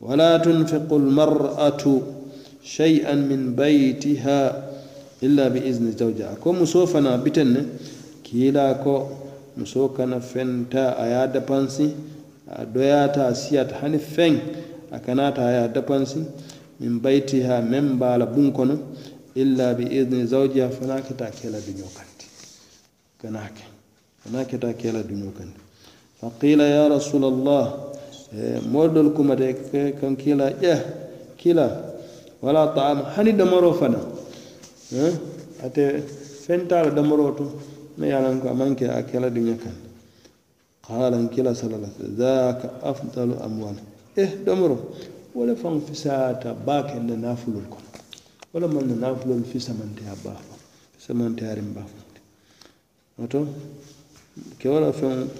ولا تنفق المرأة شيئا من بيتها إلا بإذن زوجها كو مسوفنا بتن كيلا كو مسوكنا فنتا أيا دبانسي دوياتا سيات هني فن أكناتا أيا دبانسي من بيتها من بالا بونكونا إلا بإذن زوجها فناكتا كيلا بنيوكانتي كناك فناكتا كيلا بنيوكانتي فقيل يا رسول الله E, moɗol kumate kan kila ƴe eh, kila wala taama hani damaro fana e, ate fentala damaro to ma yalan ko amanke a kela duña kan qalan kila sallallahu alaihi wasallam zaaka afdalu amwal eh damaro wala fan fisata ba ken na nafulul ko wala man na nafulul fisa man ta ba fisa man ta rim ba wato ke wala fan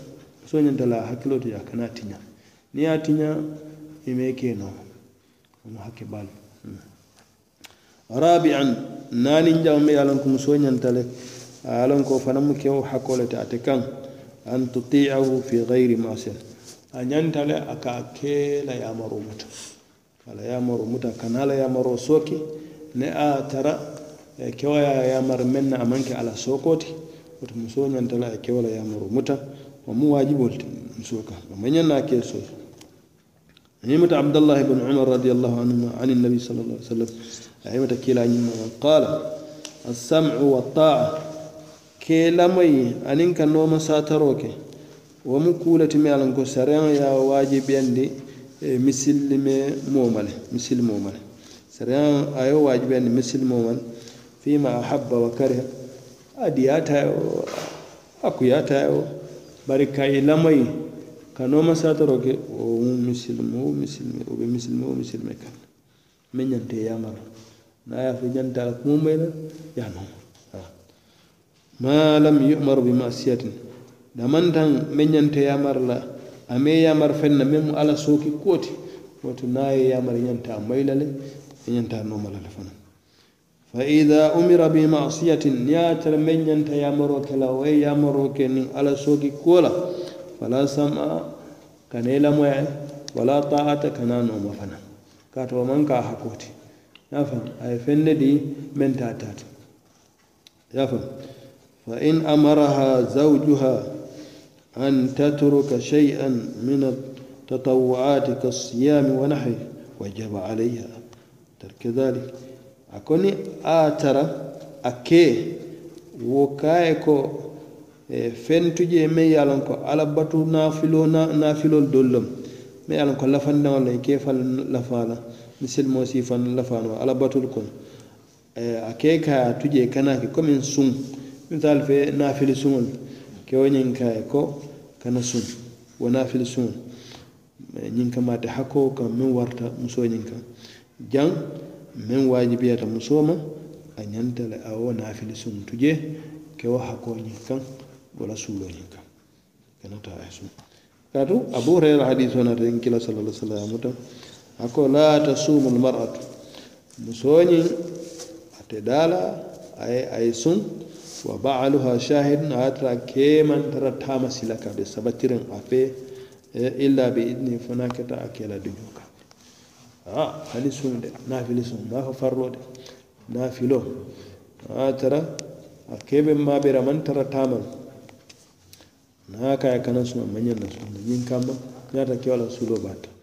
soñen tala hakilo to ya kana tinya ni ya a ime ke no omo hakke baalu rabian naanin jama me ye a so ko musoo a ye ko fanaŋ mu ta hakkoo le te ate kaŋ an tutiahu fi gayri masin a ñanta le a ka ke la yamaroo muta ya yamaro muta kana la yamaro soki ne a tara e kewaya ya yamar menna amanke ala sokoti wata muso ñanta a kewala ya yamaro muta ومو واجب ولت مسوكا musoo ka o mañaŋ naa عبد الله بن عمر رضي الله عنه عن النبي صلى الله عليه وسلم عمة كلا قال السمع والطاعة كلامي أنين كان نوم ساتروك ومقولة مالن كو سرين يا واجب يندي إيه، مثل مومل مثل مومل سرين أيو واجب يندي مثل مومل فيما أحب وكره أدياتا أكوياتا bari kayi lamayi kano masatoro ke o mu misilme o misilme o be misilme o misilme kan me ñante yamar na ya fi ñanta la kumo mayla ya no ma lam yumaru bi masiyatin daman tan me ñante yamar la ame yamar fenna me mu ala soki koti wato na ye yamar ñanta mayla le ñanta no mala le fanan فإذا أمر بمعصية نياتر من ينت يامروك لا وي يامروك على سوق كولا فلا سماء كنيلا مويا ولا طاعة كنان ومفنا كاتو من كا حكوتي يفهم أي فندي من تاتات يفهم فإن أمرها زوجها أن تترك شيئا من التطوعات كالصيام ونحوه وجب عليها ترك ذلك akoni atara ake wo kaye ko e fentuje me yalon ko ala batu na filo na na filo dollo me yalon ko la fanna wala e ke fal la fala misil mo si fan la fano ala batul ko e ake ka tuje kana ki comme un sun mithal fe na fil sun ke wonin ka e ko kana sun wa na fil sun nyinka e, ma ta hako kam min warta muso nyinka jang min wajibiyata musoma a ñantale a wo nafili suntu je ke wo hakoñin kan wala suloñin kan kenata ay sun katu abu hurayra hadis o nata en kila sallallah sallam tan ako la tasuma almaratu musoñin a tedala ay ay sun wa ba'aluha shahidun atra keman tara tama silaka be sabatiren afe illa bi idni funaketa akela dunyoka hali sunde nafili sun nafa farrode nafilo tara a keɓe maɓera man tara taman na kaya kana suma mañalla sun yin kamma ñata kewala sulo batta